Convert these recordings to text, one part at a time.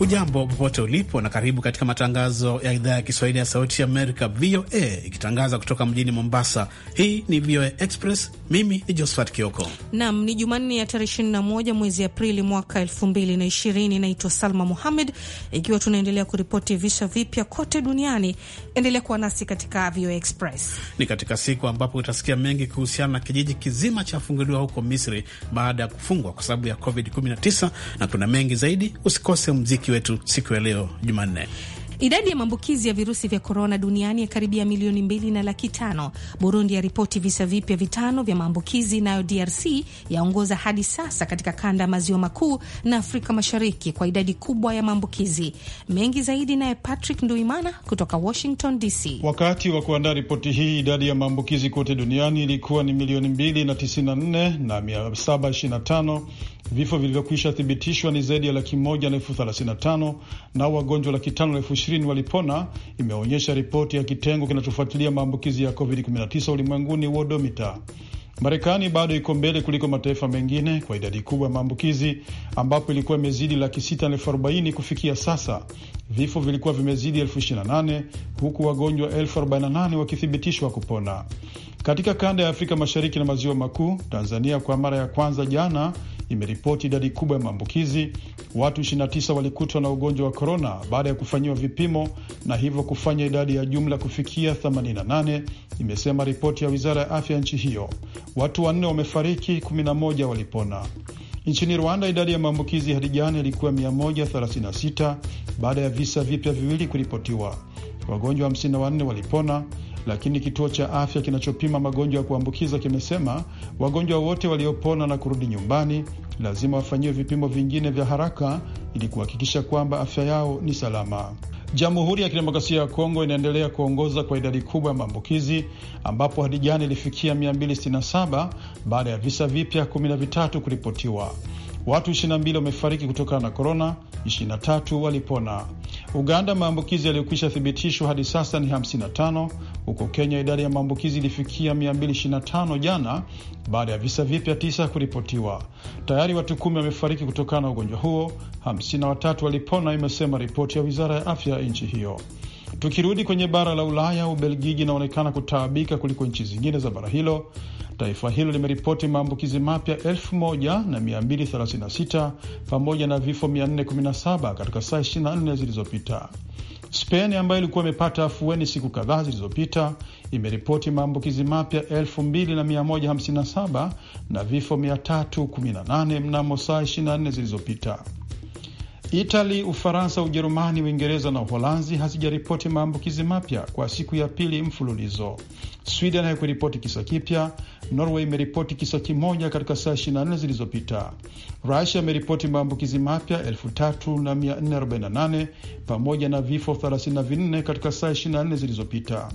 Hujambo popote ulipo na karibu katika matangazo ya idhaa ya Kiswahili ya Sauti ya Amerika, VOA, ikitangaza kutoka mjini Mombasa. Hii ni VOA Express. Mimi ni Josphat Kioko nam. Ni Jumanne ya tarehe 21 mwezi Aprili mwaka 2020. Naitwa Salma Muhamed, ikiwa tunaendelea kuripoti visa vipya kote duniani. Endelea kuwa nasi katika VOA Express. Ni katika siku ambapo utasikia mengi kuhusiana na kijiji kizima chafunguliwa huko Misri baada ya kufungwa kwa sababu ya COVID-19 na kuna mengi zaidi. Usikose mziki mshiriki wetu siku ya leo Jumanne. Idadi ya maambukizi ya virusi vya korona duniani yakaribia milioni mbili na laki tano. Burundi ripoti visa vipya vitano vya maambukizi, nayo DRC yaongoza hadi sasa katika kanda ya maziwa makuu na Afrika Mashariki kwa idadi kubwa ya maambukizi. Mengi zaidi naye Patrick Nduimana kutoka Washington DC. Wakati wa kuandaa ripoti hii, idadi ya maambukizi kote duniani ilikuwa ni milioni mbili na tisini na nne na mia saba ishirini na tano Vifo vilivyokwisha thibitishwa ni zaidi ya laki moja na elfu thelathini na tano na wagonjwa laki tano na elfu ishirini walipona, imeonyesha ripoti ya kitengo kinachofuatilia maambukizi ya COVID-19 ulimwenguni, Wodomita. Marekani bado iko mbele kuliko mataifa mengine kwa idadi kubwa ya maambukizi ambapo ilikuwa imezidi laki sita na elfu arobaini kufikia sasa. Vifo vilikuwa vimezidi elfu ishirini na nane huku wagonjwa elfu arobaini na nane wakithibitishwa kupona. Katika kanda ya Afrika Mashariki na Maziwa Makuu, Tanzania kwa mara ya kwanza jana imeripoti idadi kubwa ya maambukizi. Watu 29 walikutwa na ugonjwa wa korona baada ya kufanyiwa vipimo na hivyo kufanya idadi ya jumla kufikia 88, imesema ripoti ya wizara ya afya nchi hiyo. Watu wanne wamefariki, 11 walipona. Nchini Rwanda, idadi ya maambukizi hadi jana ilikuwa 136 baada ya visa vipya viwili kuripotiwa. Wagonjwa 54 walipona lakini kituo cha afya kinachopima magonjwa ya kuambukiza kimesema wagonjwa wote waliopona na kurudi nyumbani lazima wafanyiwe vipimo vingine vya haraka ili kuhakikisha kwamba afya yao ni salama. Jamhuri ya Kidemokrasia ya Kongo inaendelea kuongoza kwa idadi kubwa ya maambukizi ambapo hadi jana ilifikia 267 baada ya visa vipya 13 kuripotiwa. Watu 22 wamefariki kutokana na korona, 23 walipona. Uganda maambukizi yaliyokwisha thibitishwa hadi sasa ni 55 huko Kenya idadi ya maambukizi ilifikia 225 jana baada ya visa vipya tisa kuripotiwa. Tayari watu kumi wamefariki kutokana na ugonjwa huo, 53 walipona, imesema ripoti ya wizara ya afya ya nchi hiyo. Tukirudi kwenye bara la Ulaya, Ubelgiji inaonekana kutaabika kuliko nchi zingine za bara hilo. Taifa hilo limeripoti maambukizi mapya 1236 pamoja na vifo 417 katika saa 24 zilizopita. Spain ambayo ilikuwa imepata afueni siku kadhaa zilizopita imeripoti maambukizi mapya 2157 na vifo 318 mnamo saa 24 zilizopita. Itali, Ufaransa, Ujerumani, Uingereza na Uholanzi hazijaripoti maambukizi mapya kwa siku ya pili mfululizo. Sweden haikuripoti kisa kipya. Norway imeripoti kisa kimoja katika saa 24 zilizopita. Rusia imeripoti maambukizi mapya 3448 pamoja na vifo 34 katika saa 24 zilizopita.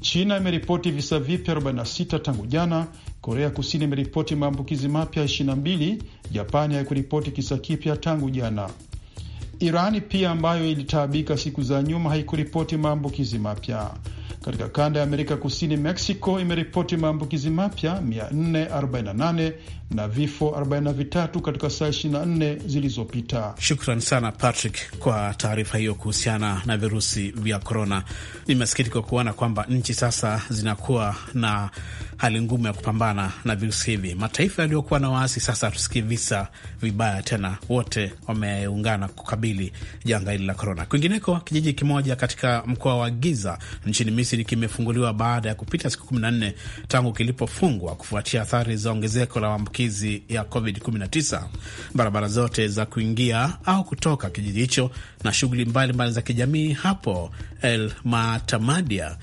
China imeripoti visa vipya 46 tangu jana. Korea Kusini imeripoti maambukizi mapya 22. Japani haikuripoti kisa kipya tangu jana. Irani pia ambayo ilitaabika siku za nyuma haikuripoti maambukizi mapya. Katika kanda ya Amerika Kusini, Mexico imeripoti maambukizi mapya 448 na vifo 43 katika saa 24 zilizopita. Shukran sana Patrick kwa taarifa hiyo kuhusiana na virusi vya korona. Ni kuona kwamba nchi sasa zinakuwa na hali ngumu ya kupambana na virusi hivi. Mataifa yaliyokuwa na waasi sasa tusikii visa vibaya tena, wote wameungana kukabili janga hili la korona. Kwingineko, kijiji kimoja katika mkoa wa Giza nchini Misri kimefunguliwa baada ya kupita siku 14 tangu kilipofungwa kufuatia athari za ongezeko la maambukizi ya COVID-19. Barabara zote za kuingia au kutoka kijiji hicho na shughuli mbalimbali za kijamii hapo El Matamadia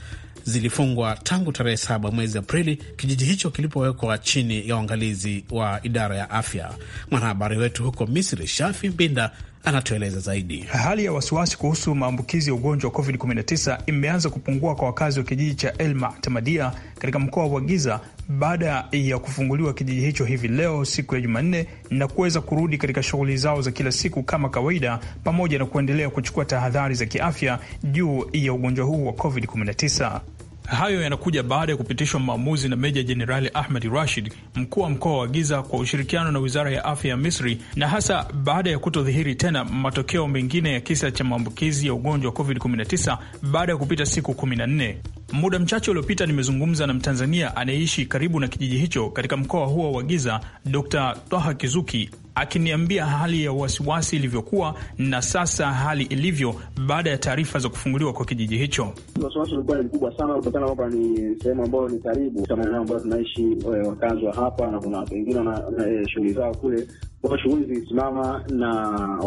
zilifungwa tangu tarehe saba mwezi Aprili kijiji hicho kilipowekwa chini ya uangalizi wa idara ya afya. Mwanahabari wetu huko Misri, Shafi Mbinda, anatueleza zaidi. Hali ya wasiwasi kuhusu maambukizi ya ugonjwa wa COVID-19 imeanza kupungua kwa wakazi wa kijiji cha Elma Tamadia katika mkoa wa Giza baada ya kufunguliwa kijiji hicho hivi leo siku ya Jumanne na kuweza kurudi katika shughuli zao za kila siku kama kawaida, pamoja na kuendelea kuchukua tahadhari za kiafya juu ya ugonjwa huu wa COVID-19. Hayo yanakuja baada ya kupitishwa maamuzi na Meja Jenerali Ahmed Rashid, mkuu wa mkoa wa Giza, kwa ushirikiano na wizara ya afya ya Misri, na hasa baada ya kutodhihiri tena matokeo mengine ya kisa cha maambukizi ya ugonjwa wa COVID-19 baada ya kupita siku 14. Muda mchache uliopita nimezungumza na Mtanzania anayeishi karibu na kijiji hicho katika mkoa huo wa Giza, Dr Twaha Kizuki akiniambia hali ya wasiwasi ilivyokuwa na sasa hali ilivyo baada ya taarifa za kufunguliwa kwa kijiji hicho. Wasiwasi ulikuwa ni mkubwa sana kutokana kwamba ni sehemu ambayo ni karibu ambayo tunaishi eh, wakazi wa hapa, na kuna watu wengine na eh, shughuli zao kule kwa shughuli zilisimama na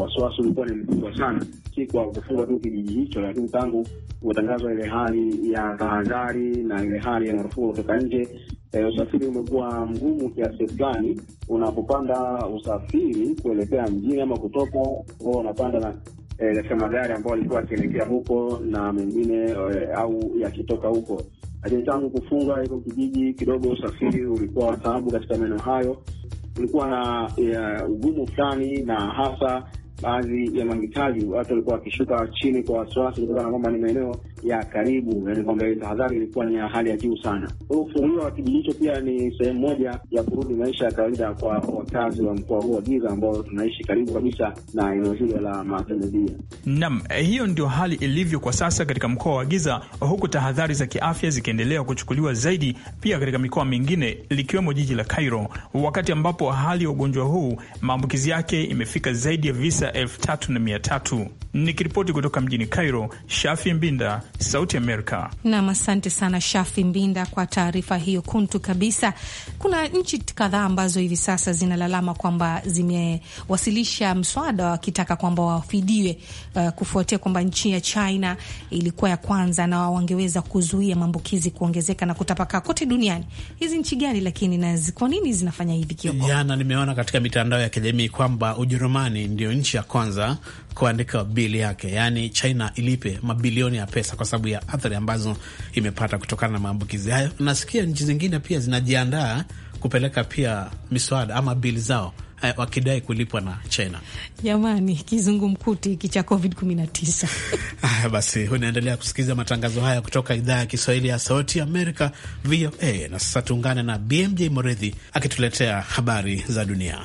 wasiwasi ulikuwa ni mkubwa sana, si kwa kufunga tu kijiji hicho, lakini tangu kutangazwa ile hali ya tahadhari na ile hali ya marufuku kutoka nje, e, usafiri umekuwa mgumu kiasi fulani. Unapopanda usafiri kuelekea mjini ama kutoka, o unapanda na eh, katika e, magari ambayo alikuwa akielekea huko na mengine e, au yakitoka huko lakini tangu kufunga hiko kijiji kidogo, usafiri ulikuwa wa taabu katika maeneo hayo, kulikuwa na ya, ugumu fulani, na hasa baadhi ya mahitaji, watu walikuwa wakishuka chini kwa wasiwasi, kutokana na kwamba ni maeneo ya karibu, yani kwamba tahadhari ilikuwa ni ya hali ya juu sana. Ufunguo wa kijiji hicho pia ni sehemu moja ya kurudi maisha ya kawaida kwa wakazi wa mkoa huu wa Giza ambao tunaishi karibu kabisa na eneo hilo la Masemedia. Naam, eh, hiyo ndio hali ilivyo kwa sasa katika mkoa wa Giza, huku tahadhari za kiafya zikiendelea kuchukuliwa zaidi pia katika mikoa mingine likiwemo jiji la Cairo, wakati ambapo hali ya ugonjwa huu maambukizi yake imefika zaidi ya visa elfu tatu na mia tatu. Nikiripoti kutoka mjini Cairo, Shafi Mbinda, Sauti Amerika. Nam, asante sana Shafi Mbinda kwa taarifa hiyo kuntu kabisa. Kuna nchi kadhaa ambazo hivi sasa zinalalama kwamba zimewasilisha mswada wakitaka kwamba wafidiwe, uh, kufuatia kwamba nchi ya China ilikuwa ya kwanza na wangeweza kuzuia maambukizi kuongezeka na kutapakaa kote duniani. Hizi nchi gani lakini, na kwa nini zinafanya hivi? Kioko jana nimeona katika mitandao ya kijamii kwamba Ujerumani ndio nchi ya kwanza kuandika bili yake, yaani China ilipe mabilioni ya pesa kwa sababu ya athari ambazo imepata kutokana na maambukizi hayo. Nasikia nchi zingine pia zinajiandaa kupeleka pia miswada ama bili zao eh, wakidai kulipwa na China. Jamani, kizungumkuti hiki cha Covid 19. basi, unaendelea kusikiliza matangazo haya kutoka idhaa ya Kiswahili ya Sauti Amerika, VOA. Na sasa tuungane na BMJ Moredhi akituletea habari za dunia.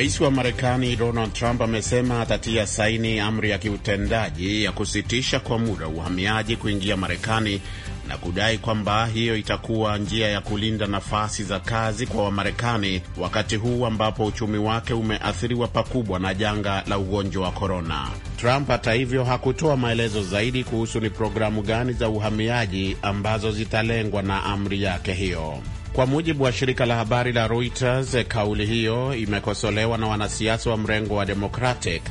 Rais wa Marekani Donald Trump amesema atatia saini amri ya kiutendaji ya kusitisha kwa muda uhamiaji kuingia Marekani na kudai kwamba hiyo itakuwa njia ya kulinda nafasi za kazi kwa Wamarekani wakati huu ambapo uchumi wake umeathiriwa pakubwa na janga la ugonjwa wa korona. Trump hata hivyo hakutoa maelezo zaidi kuhusu ni programu gani za uhamiaji ambazo zitalengwa na amri yake hiyo. Kwa mujibu wa shirika la habari la Reuters, kauli hiyo imekosolewa na wanasiasa wa mrengo wa Democratic,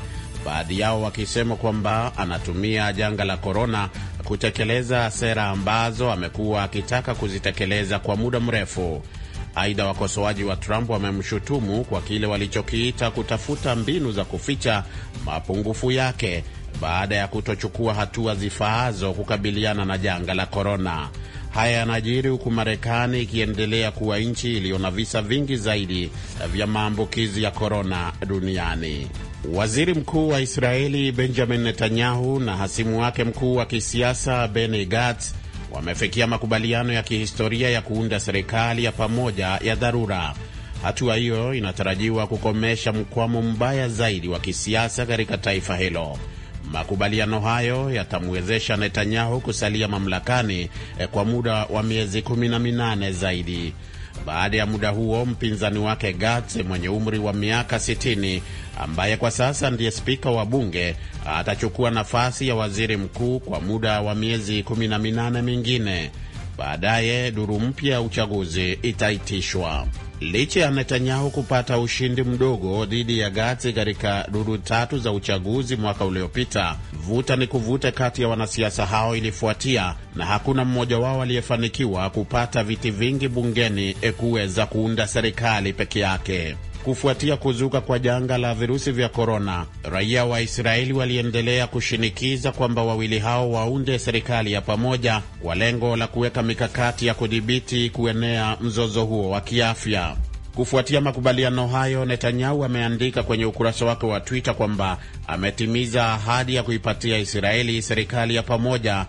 baadhi yao wakisema kwamba anatumia janga la korona kutekeleza sera ambazo amekuwa akitaka kuzitekeleza kwa muda mrefu. Aidha, wakosoaji wa Trump wamemshutumu kwa kile walichokiita kutafuta mbinu za kuficha mapungufu yake baada ya kutochukua hatua zifaazo kukabiliana na janga la korona. Haya yanajiri huku Marekani ikiendelea kuwa nchi iliyo na visa vingi zaidi vya maambukizi ya korona duniani. Waziri Mkuu wa Israeli Benjamin Netanyahu na hasimu wake mkuu wa kisiasa Benny Gantz wamefikia makubaliano ya kihistoria ya kuunda serikali ya pamoja ya dharura. Hatua hiyo inatarajiwa kukomesha mkwamo mbaya zaidi wa kisiasa katika taifa hilo. Makubaliano hayo yatamwezesha Netanyahu kusalia mamlakani eh, kwa muda wa miezi kumi na minane zaidi. Baada ya muda huo, mpinzani wake Gats mwenye umri wa miaka 60 ambaye kwa sasa ndiye spika wa bunge atachukua nafasi ya waziri mkuu kwa muda wa miezi 18 mingine. Baadaye duru mpya ya uchaguzi itaitishwa. Licha ya Netanyahu kupata ushindi mdogo dhidi ya Gati katika duru tatu za uchaguzi mwaka uliopita, vuta ni kuvuta kati ya wanasiasa hao ilifuatia, na hakuna mmoja wao aliyefanikiwa kupata viti vingi bungeni kuweza kuunda serikali peke yake kufuatia kuzuka kwa janga la virusi vya korona. Raia wa Israeli waliendelea kushinikiza kwamba wawili hao waunde serikali ya pamoja kwa lengo la kuweka mikakati ya kudhibiti kuenea mzozo huo wa kiafya. Kufuatia makubaliano hayo, Netanyahu ameandika kwenye ukurasa wake wa Twitter kwamba ametimiza ahadi ya kuipatia Israeli serikali ya pamoja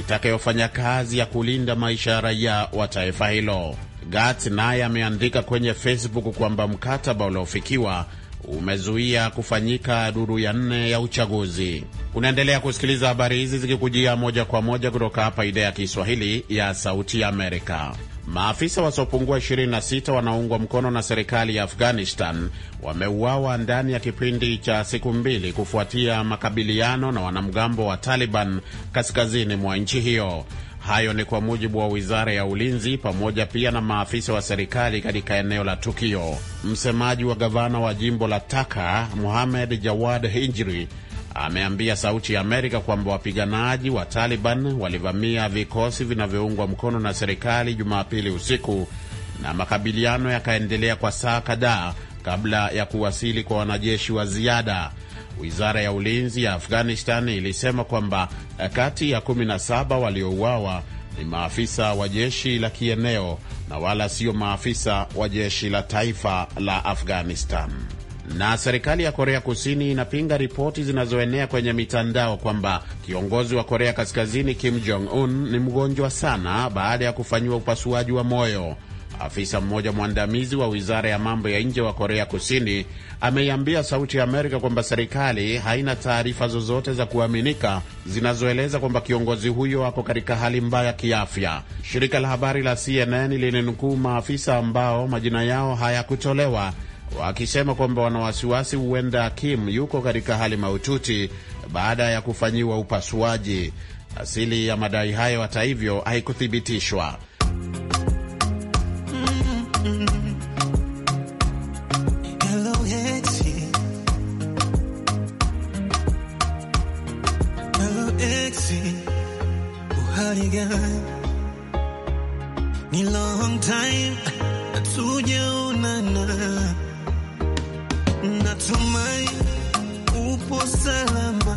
itakayofanya kazi ya kulinda maisha ya raia wa taifa hilo. Gats naye ameandika kwenye Facebook kwamba mkataba uliofikiwa umezuia kufanyika duru ya nne ya uchaguzi. Unaendelea kusikiliza habari hizi zikikujia moja kwa moja kutoka hapa idhaa ya Kiswahili ya Sauti ya Amerika. Maafisa wasiopungua 26 wanaoungwa mkono na serikali ya Afghanistan wameuawa ndani ya kipindi cha siku mbili kufuatia makabiliano na wanamgambo wa Taliban kaskazini mwa nchi hiyo. Hayo ni kwa mujibu wa wizara ya ulinzi pamoja pia na maafisa wa serikali katika eneo la tukio. Msemaji wa gavana wa jimbo la Taka, muhamed Jawad Hinjri, ameambia Sauti ya Amerika kwamba wapiganaji wa Taliban walivamia vikosi vinavyoungwa mkono na serikali Jumapili usiku na makabiliano yakaendelea kwa saa kadhaa kabla ya kuwasili kwa wanajeshi wa ziada. Wizara ya ulinzi ya Afghanistan ilisema kwamba eh, kati ya 17 waliouawa ni maafisa wa jeshi la kieneo na wala sio maafisa wa jeshi la taifa la Afghanistan. Na serikali ya Korea Kusini inapinga ripoti zinazoenea kwenye mitandao kwamba kiongozi wa Korea Kaskazini Kim Jong Un ni mgonjwa sana baada ya kufanyiwa upasuaji wa moyo. Afisa mmoja mwandamizi wa wizara ya mambo ya nje wa Korea Kusini ameiambia Sauti ya Amerika kwamba serikali haina taarifa zozote za kuaminika zinazoeleza kwamba kiongozi huyo ako katika hali mbaya kiafya. Shirika la habari la CNN lilinukuu maafisa ambao majina yao hayakutolewa wakisema kwamba wana wasiwasi huenda Kim yuko katika hali mahututi baada ya kufanyiwa upasuaji. Asili ya madai hayo, hata hivyo, haikuthibitishwa. Ni long time hatujaonana, natumai upo salama,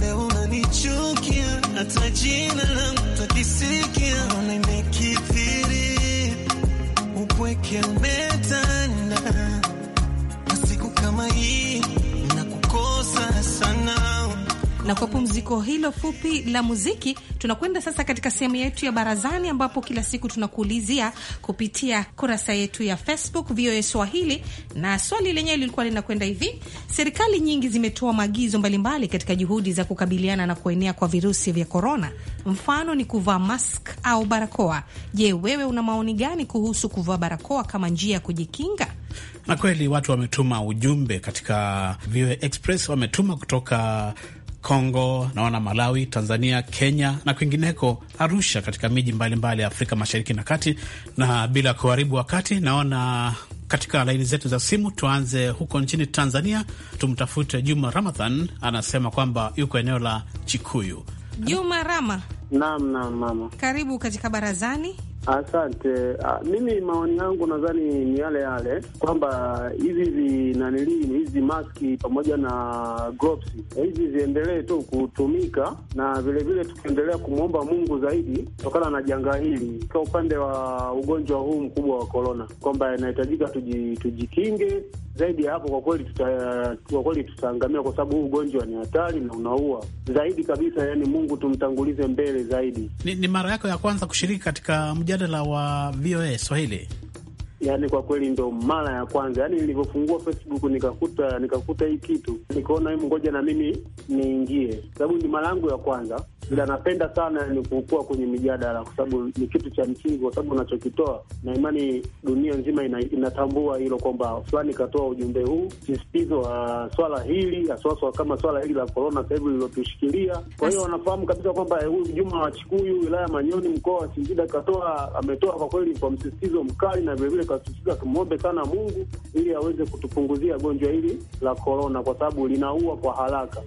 na unanichukia, hata jina langu utakisikia, nimekithiri upweke umetanda, na siku kama hii na kwa pumziko hilo fupi la muziki, tunakwenda sasa katika sehemu yetu ya barazani, ambapo kila siku tunakuulizia kupitia kurasa yetu ya Facebook VOA Swahili, na swali lenyewe lilikuwa linakwenda hivi: serikali nyingi zimetoa maagizo mbalimbali katika juhudi za kukabiliana na kuenea kwa virusi vya korona, mfano ni kuvaa mask au barakoa. Je, wewe una maoni gani kuhusu kuvaa barakoa kama njia ya kujikinga? Na kweli watu wametuma ujumbe katika VOA Express, wametuma kutoka Kongo, naona Malawi, Tanzania, Kenya na kwingineko, Arusha, katika miji mbalimbali ya Afrika Mashariki na Kati. Na bila kuharibu wakati, naona katika laini zetu za simu, tuanze huko nchini Tanzania, tumtafute Juma Ramadhan. Anasema kwamba yuko eneo la Chikuyu. Juma Rama, naam, naam mama, karibu katika barazani. Asante. Ah, mimi maoni yangu nadhani ni yale yale kwamba hivi vinanilii hizi maski pamoja na gloves hizi ziendelee tu kutumika, na vilevile tukiendelea kumwomba Mungu zaidi kutokana na janga hili kwa upande wa ugonjwa huu mkubwa wa korona, kwamba inahitajika tujikinge, zaidi ya hapo, kwa kweli tuta, kwa kweli tutaangamia, kwa sababu huu ugonjwa ni hatari na unaua zaidi kabisa. Yani Mungu tumtangulize mbele zaidi. Ni, ni mara yako ya kwanza kushiriki katika mjadala wa VOA Swahili? Yani kwa kweli ndo mara ya kwanza, yani nilivyofungua Facebook nikakuta nikakuta hii kitu, nikaona ngoja na mimi niingie, sababu ni mara yangu ya kwanza ila napenda sana ni kukua kwenye mijadala, kwa sababu ni kitu cha msingi, kwa sababu unachokitoa na imani dunia nzima ina, inatambua hilo kwamba fulani katoa ujumbe huu sisitizo wa ah, swala hili aswaswa kama swala hili la korona sasa hivi lilotushikilia. Kwa hiyo wanafahamu kabisa kwamba eh, huyu Juma wa Chikuyu wilaya Manyoni mkoa wa Singida katoa ametoa kwa kweli kwa msisitizo mkali, na vilevile kasisitiza tumwombe sana Mungu ili aweze kutupunguzia gonjwa hili la korona, kwa sababu linaua kwa haraka.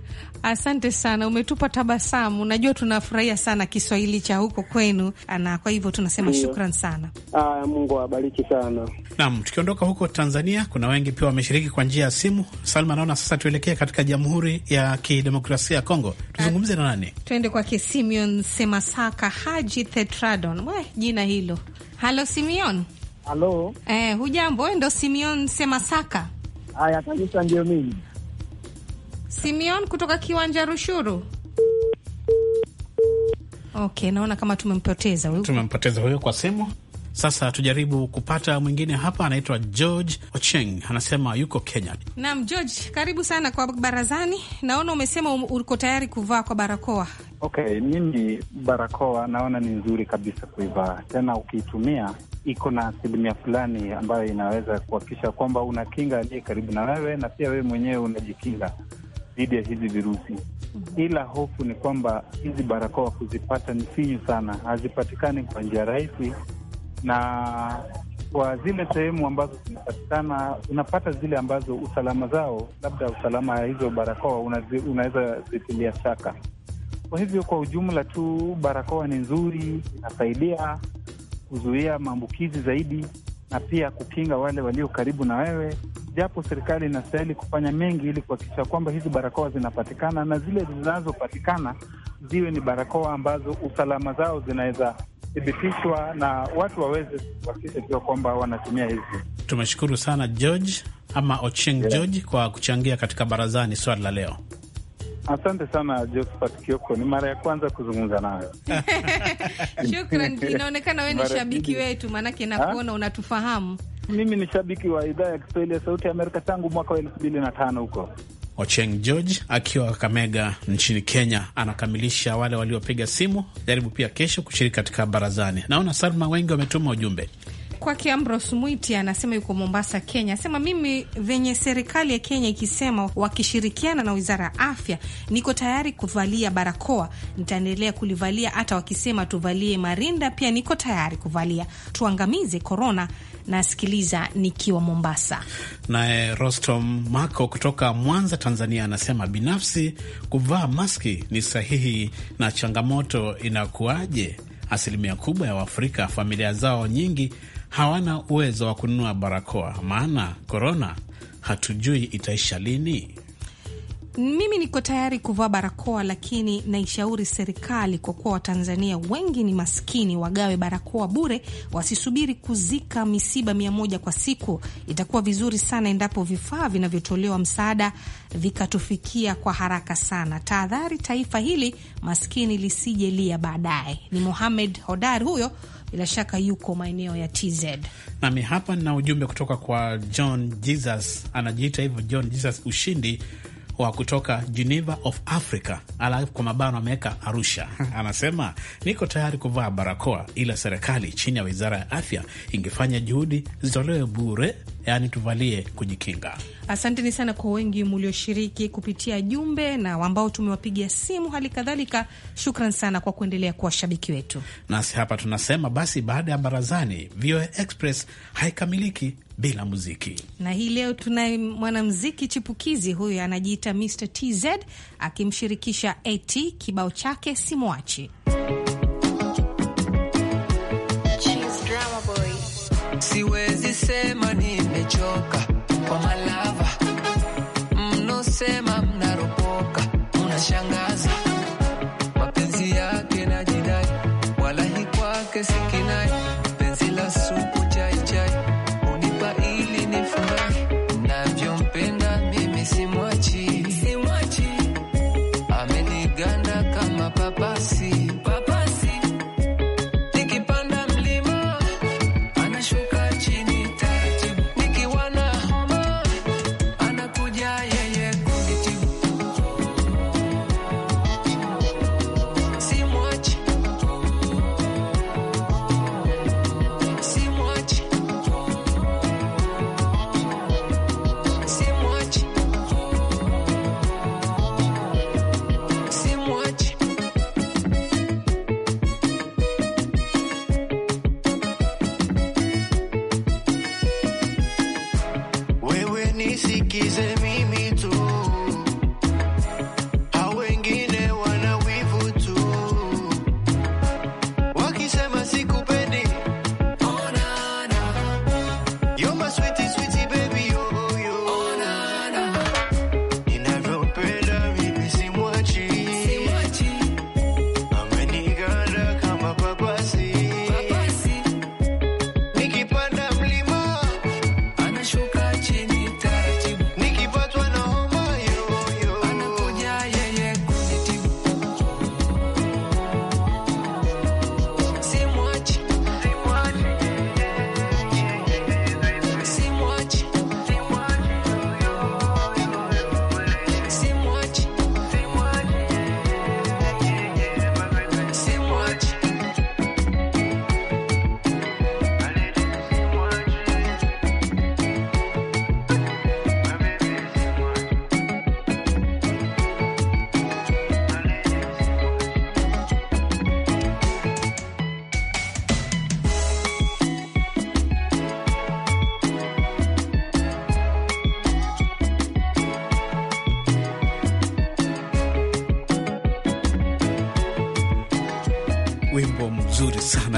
Asante sana, umetupa tabasamu. Najua Unajua, tunafurahia sana Kiswahili cha huko kwenu, na kwa hivyo tunasema yeah, shukran sana. Aya, ah, Mungu awabariki sana. Naam, tukiondoka huko Tanzania, kuna wengi pia wameshiriki kwa njia ya simu. Salma, naona sasa tuelekee katika Jamhuri ya Kidemokrasia ya Kongo. Tuzungumze na nani? Tuende kwake Simeon Semasaka Haji Tetradon. We, jina hilo. Halo Simeon. Halo. Eh, hujambo? We ndo Simeon Semasaka? Haya kabisa, ndio mimi Simeon kutoka kiwanja Rushuru. Okay, naona kama tumempoteza huyu, tumempoteza huyo kwa simu. Sasa tujaribu kupata mwingine hapa, anaitwa George Ocheng, anasema yuko Kenya. Naam, George, karibu sana kwa barazani. Naona umesema um, uko tayari kuvaa kwa barakoa. Okay, mimi barakoa naona ni nzuri kabisa kuivaa, tena ukiitumia iko na asilimia fulani ambayo inaweza kuhakikisha kwamba unakinga aliye karibu na wewe na pia wewe mwenyewe unajikinga dhidi ya hizi virusi, mhm. ila hofu ni kwamba hizi barakoa kuzipata ni finyu sana, hazipatikani kwa njia rahisi, na kwa zile sehemu ambazo zinapatikana unapata zile ambazo usalama zao, labda usalama ya hizo barakoa unaweza zitilia shaka. Kwa hivyo kwa ujumla tu barakoa ni nzuri, inasaidia kuzuia maambukizi zaidi na pia kukinga wale walio karibu na wewe japo serikali inastahili kufanya mengi ili kuhakikisha kwamba hizi barakoa zinapatikana na zile zinazopatikana ziwe ni barakoa ambazo usalama zao zinaweza thibitishwa na watu waweze kuhakikisha pia kwamba wanatumia hizi. Tumeshukuru sana George ama Ochieng yeah, George kwa kuchangia katika barazani swali la leo. Asante sana Josephat Kioko, ni mara ya kwanza kuzungumza nayo. Shukran, inaonekana wewe ni shabiki wetu, maanake nakuona unatufahamu mimi ni shabiki wa idhaa ya Kiswahili ya Sauti ya Amerika tangu mwaka wa elfu mbili na tano huko. Ocheng George akiwa Kakamega nchini Kenya anakamilisha wale waliopiga simu. Jaribu pia kesho kushiriki katika barazani. Naona Salma, wengi wametuma ujumbe kwake Ambros Mwiti anasema yuko Mombasa, Kenya. asema mimi, venye serikali ya Kenya ikisema wakishirikiana na wizara ya afya, niko tayari kuvalia barakoa, nitaendelea kulivalia. Hata wakisema tuvalie marinda, pia niko tayari kuvalia. Tuangamize korona nasikiliza nikiwa Mombasa. Naye Rostom Mako kutoka Mwanza, Tanzania, anasema binafsi kuvaa maski ni sahihi, na changamoto inakuwaje? Asilimia kubwa ya Waafrika familia zao nyingi hawana uwezo wa kununua barakoa, maana korona hatujui itaisha lini. Mimi niko tayari kuvaa barakoa, lakini naishauri serikali, kwa kuwa Watanzania wengi ni maskini, wagawe barakoa bure, wasisubiri kuzika misiba mia moja kwa siku. Itakuwa vizuri sana endapo vifaa vinavyotolewa msaada vikatufikia kwa haraka sana. Tahadhari taifa hili maskini lisijelia baadaye. Ni Mohamed Hodari huyo, bila shaka yuko maeneo ya TZ. Nami hapa nina ujumbe kutoka kwa John Jesus, anajiita hivyo John Jesus Ushindi wa kutoka Geneva of Africa, alafu kwa mabano ameweka Arusha. Anasema niko tayari kuvaa barakoa, ila serikali chini ya wizara ya afya ingefanya juhudi zitolewe bure, yaani tuvalie kujikinga. Asanteni sana kwa wengi mlioshiriki kupitia jumbe na ambao tumewapigia simu, hali kadhalika shukran sana kwa kuendelea kuwa shabiki wetu. Nasi hapa tunasema basi, baada ya barazani, VOA Express haikamiliki bila muziki. Na hii leo tunaye mwanamziki chipukizi huyu anajiita Mr TZ akimshirikisha AT kibao chake Simwachi. Siwezi sema nimechoka kwa malava mnosema, mnaropoka mnashangaza mapenzi yake na jidai walahi kwake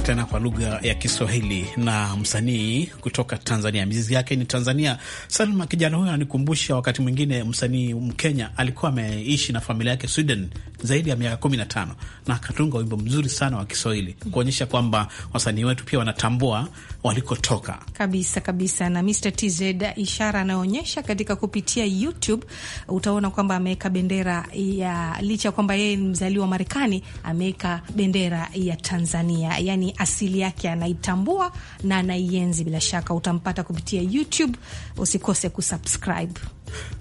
tena kwa lugha ya Kiswahili na msanii kutoka Tanzania. Mizizi yake ni Tanzania. Salma, kijana huyo ananikumbusha wakati mwingine msanii Mkenya alikuwa ameishi na familia yake Sweden zaidi ya miaka kumi na tano na akatunga wimbo mzuri sana wa Kiswahili kuonyesha kwamba wasanii wetu pia wanatambua walikotoka kabisa kabisa. Na Mr TZ ishara anayoonyesha katika kupitia YouTube, utaona kwamba ameweka bendera ya licha ya kwamba yeye ni mzaliwa wa Marekani, ameweka bendera ya Tanzania, yani asili yake anaitambua na anaienzi. Bila shaka utampata kupitia YouTube, usikose kusubscribe.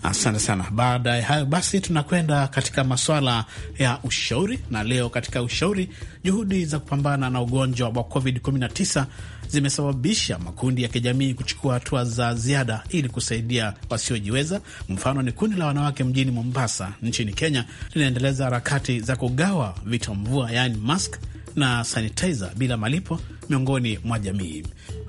Asante sana. Baada ya hayo basi, tunakwenda katika maswala ya ushauri, na leo katika ushauri, juhudi za kupambana na ugonjwa wa COVID-19 zimesababisha makundi ya kijamii kuchukua hatua za ziada ili kusaidia wasiojiweza. Mfano ni kundi la wanawake mjini Mombasa nchini Kenya, linaendeleza harakati za kugawa vitomvua, yaani mask na sanitizer bila malipo miongoni mwa jamii.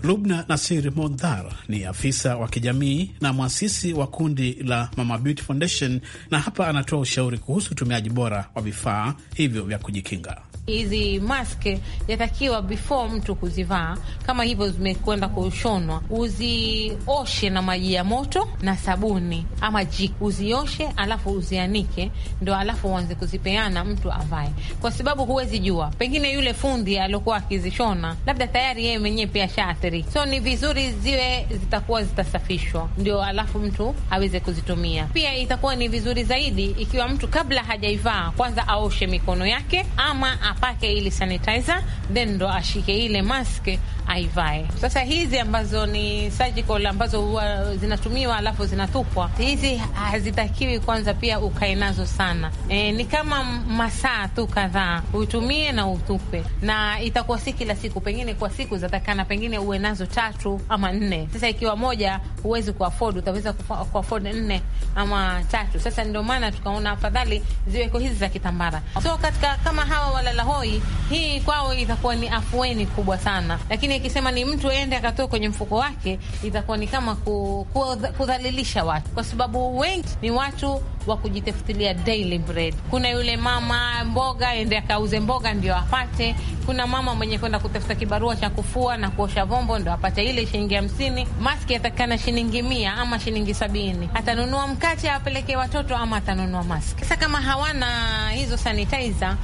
Lubna Nasir Mondhar ni afisa wa kijamii na mwasisi wa kundi la Mama Beauty Foundation, na hapa anatoa ushauri kuhusu utumiaji bora wa vifaa hivyo vya kujikinga. Hizi maske yatakiwa before mtu kuzivaa, kama hivyo zimekwenda kushonwa, uzioshe na maji ya moto na sabuni ama jiki, uzioshe alafu uzianike, ndo alafu uanze kuzipeana mtu avae, kwa sababu huwezi jua, pengine yule fundi aliokuwa akizishona labda tayari yeye mwenyewe pia shaathiri. So ni vizuri ziwe zitakuwa zitasafishwa, ndio alafu mtu aweze kuzitumia. Pia itakuwa ni vizuri zaidi ikiwa mtu kabla hajaivaa kwanza aoshe mikono yake ama apake ile sanitizer then ndo ashike ile mask aivae. Sasa hizi ambazo ni surgical ambazo huwa zinatumiwa alafu zinatupwa, hizi hazitakiwi kwanza pia ukae nazo sana. E, ni kama masaa tu kadhaa utumie na utupe, na itakuwa si kila siku, pengine kwa siku zatakana, pengine uwe nazo tatu ama nne. Sasa ikiwa moja huwezi kuafod, utaweza kuafod nne ama tatu. Sasa ndio maana tukaona afadhali ziweko hizi za kitambara. So katika kama hawa wala la hoi, hii kwao itakuwa ni afueni kubwa sana, lakini akisema ni mtu ende akatoe kwenye mfuko wake, itakuwa ni kama ku, ku, kudhalilisha watu, kwa sababu wengi ni watu wa kujitafutilia daily bread. Kuna yule mama mboga, ende akauze mboga ndio apate. Kuna mama mwenye kwenda kutafuta kibarua cha kufua na kuosha vombo ndio apate ile shilingi hamsini. Maski atakana shilingi mia ama shilingi sabini, atanunua mkate apelekee watoto ama atanunua maski. Sasa kama hawana hizo sanitizer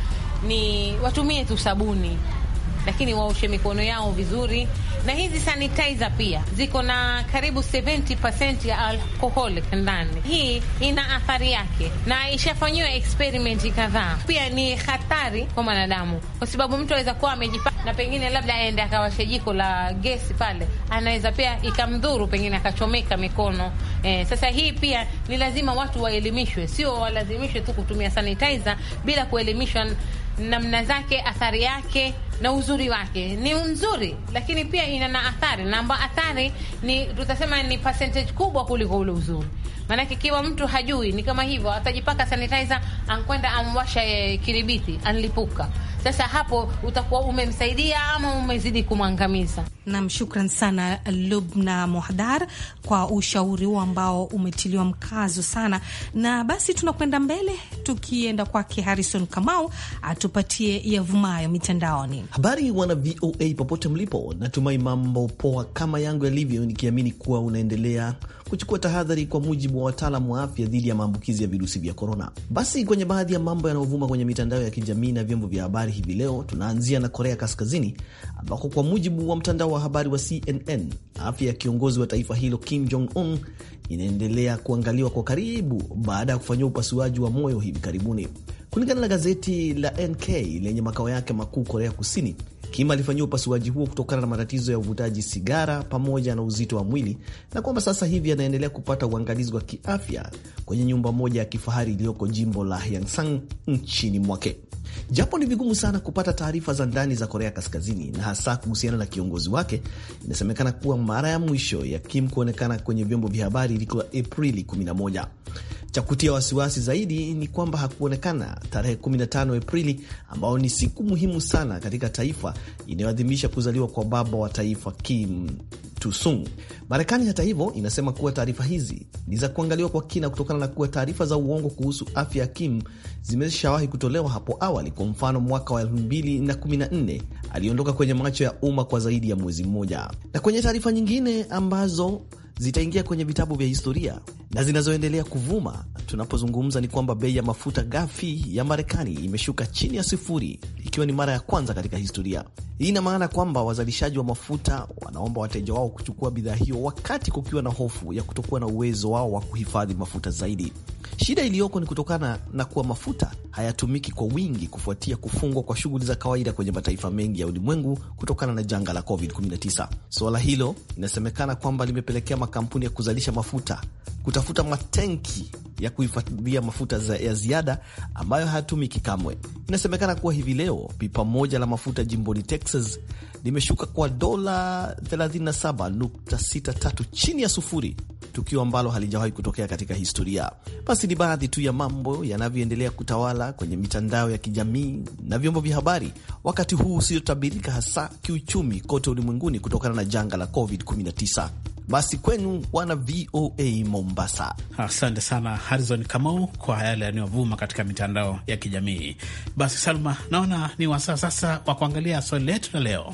ni watumie tu sabuni, lakini waoshe mikono yao vizuri. Na hizi sanitizer pia ziko na karibu 70% ya alkoholi ndani. Hii ina athari yake na ishafanyiwa experiment kadhaa. Pia ni hatari kwa mwanadamu, kwa sababu mtu aweza kuwa amejipa na pengine labda aende akawashe jiko la gesi pale, anaweza pia ikamdhuru, pengine akachomeka mikono. Eh, sasa hii pia ni lazima watu waelimishwe, sio walazimishwe tu kutumia sanitizer bila kuelimishwa namna zake, athari yake na uzuri wake ni nzuri, lakini pia ina na athari na ambayo athari ni tutasema ni percentage kubwa kuliko ule uzuri. Maanake kiwa mtu hajui ni kama hivyo, atajipaka sanitizer, ankwenda amwasha kiribiti, anlipuka. Sasa hapo utakuwa umemsaidia ama umezidi kumwangamiza. Nam, shukran sana Lubna Mohdar kwa ushauri huo ambao umetiliwa mkazo sana. Na basi tunakwenda mbele, tukienda kwake Harrison Kamau atupatie yavumayo mitandaoni. Habari wana VOA popote mlipo, natumai mambo poa kama yangu yalivyo, nikiamini kuwa unaendelea kuchukua tahadhari kwa mujibu wa wataalamu wa afya dhidi ya maambukizi ya virusi vya korona. Basi kwenye baadhi ya mambo yanayovuma kwenye mitandao ya kijamii na vyombo vya habari hivi leo, tunaanzia na Korea Kaskazini ambako kwa mujibu wa mtandao wa habari wa CNN afya ya kiongozi wa taifa hilo Kim Jong Un inaendelea kuangaliwa kwa karibu baada ya kufanyia upasuaji wa moyo hivi karibuni, kulingana na gazeti la NK lenye makao yake makuu Korea Kusini. Kim alifanyiwa upasuaji huo kutokana na matatizo ya uvutaji sigara pamoja na uzito wa mwili na kwamba sasa hivi anaendelea kupata uangalizi wa kiafya kwenye nyumba moja ya kifahari iliyoko jimbo la Hyeongsang nchini mwake. Japo ni vigumu sana kupata taarifa za ndani za Korea Kaskazini na hasa kuhusiana na kiongozi wake, inasemekana kuwa mara ya mwisho ya Kim kuonekana kwenye vyombo vya habari ilikuwa Aprili 11. Cha kutia wasiwasi zaidi ni kwamba hakuonekana tarehe 15 Aprili, ambao ni siku muhimu sana katika taifa inayoadhimisha kuzaliwa kwa baba wa taifa Kim Tusung. Marekani hata hivyo inasema kuwa taarifa hizi ni za kuangaliwa kwa kina kutokana na kuwa taarifa za uongo kuhusu afya ya Kim zimeshawahi kutolewa hapo awali. Kwa mfano, mwaka wa 2014 aliondoka kwenye macho ya umma kwa zaidi ya mwezi mmoja. Na kwenye taarifa nyingine ambazo zitaingia kwenye vitabu vya historia na zinazoendelea kuvuma tunapozungumza ni kwamba bei ya mafuta ghafi ya Marekani imeshuka chini ya sifuri, ikiwa ni mara ya kwanza katika historia. Hii ina maana kwamba wazalishaji wa mafuta wanaomba wateja wao kuchukua bidhaa hiyo, wakati kukiwa na hofu ya kutokuwa na uwezo wao wa kuhifadhi mafuta zaidi. Shida iliyoko ni kutokana na kuwa mafuta hayatumiki kwa wingi kufuatia kufungwa kwa shughuli za kawaida kwenye mataifa mengi ya ulimwengu kutokana na janga la COVID-19. Suala hilo inasemekana kwamba limepelekea makampuni ya kuzalisha mafuta kutafuta matenki ya kuhifadhia mafuta za, ya ziada ambayo hayatumiki kamwe. Inasemekana kuwa hivi leo pipa moja la mafuta jimboni Texas limeshuka kwa dola 37.63 chini ya sufuri, tukio ambalo halijawahi kutokea katika historia. Basi ni baadhi tu ya mambo yanavyoendelea kutawala kwenye mitandao ya kijamii na vyombo vya habari wakati huu usiotabirika, hasa kiuchumi kote ulimwenguni kutokana na janga la COVID-19. Basi kwenu wana VOA Mombasa. Asante sana Harizon Kamau kwa yale yanayovuma katika mitandao ya kijamii. Basi Salma, naona ni wasaa sasa wa kuangalia swali letu la leo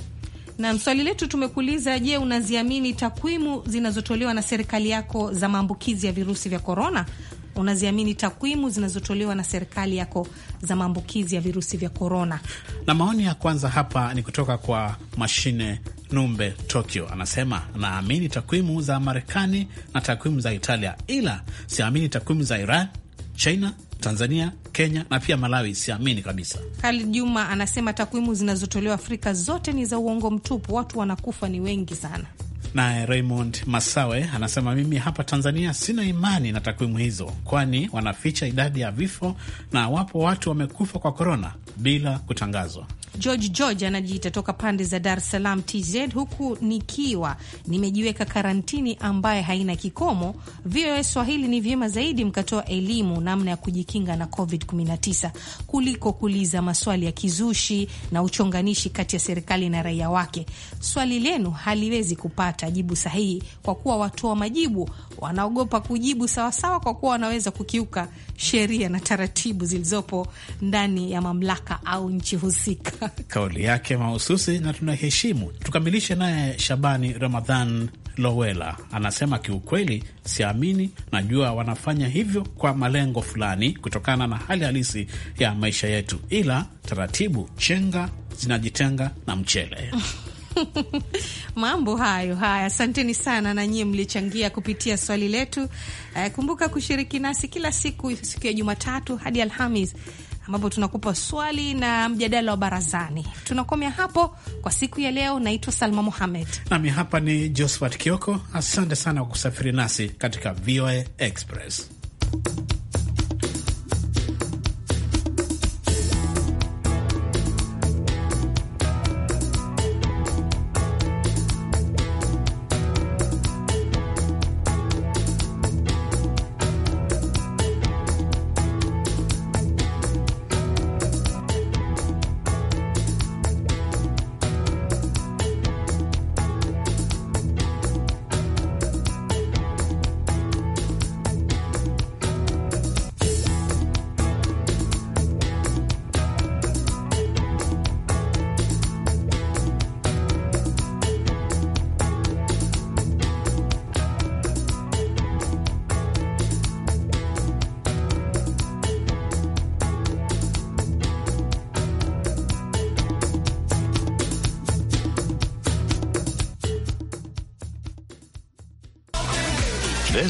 na swali letu tumekuuliza, je, unaziamini takwimu zinazotolewa na serikali yako za maambukizi ya virusi vya korona? Unaziamini takwimu zinazotolewa na serikali yako za maambukizi ya virusi vya korona? Na maoni ya kwanza hapa ni kutoka kwa mashine Numbe Tokyo anasema naamini takwimu za Marekani na takwimu za Italia, ila siamini takwimu za Iran, China, Tanzania, Kenya na pia Malawi, siamini kabisa. Khalid Juma anasema takwimu zinazotolewa Afrika zote ni za uongo mtupu, watu wanakufa ni wengi sana. Naye Raymond Masawe anasema mimi hapa Tanzania sina imani na takwimu hizo, kwani wanaficha idadi ya vifo na wapo watu wamekufa kwa korona bila kutangazwa. George George anajiita toka pande za Dar es Salaam TZ, huku nikiwa nimejiweka karantini ambaye haina kikomo. VOA Swahili, ni vyema zaidi mkatoa elimu namna ya kujikinga na COVID-19 kuliko kuuliza maswali ya kizushi na uchonganishi kati ya serikali na raia wake. Swali lenu haliwezi kupata kupata jibu sahihi, kwa kuwa watoa wa majibu wanaogopa kujibu sawasawa, kwa kuwa wanaweza kukiuka sheria na taratibu zilizopo ndani ya mamlaka au nchi husika. Kauli yake mahususi na tunaheshimu. Tukamilishe naye Shabani Ramadhan Lowela anasema kiukweli, siamini. Najua wanafanya hivyo kwa malengo fulani, kutokana na hali halisi ya maisha yetu, ila taratibu chenga zinajitenga na mchele Mambo hayo haya, asanteni sana na nyie mlichangia kupitia swali letu. Uh, kumbuka kushiriki nasi kila siku, siku ya Jumatatu hadi Alhamis ambapo tunakupa swali na mjadala wa barazani. Tunakomea hapo kwa siku ya leo. Naitwa Salma Mohamed nami hapa ni Josphat Kioko. Asante sana kwa kusafiri nasi katika VOA Express.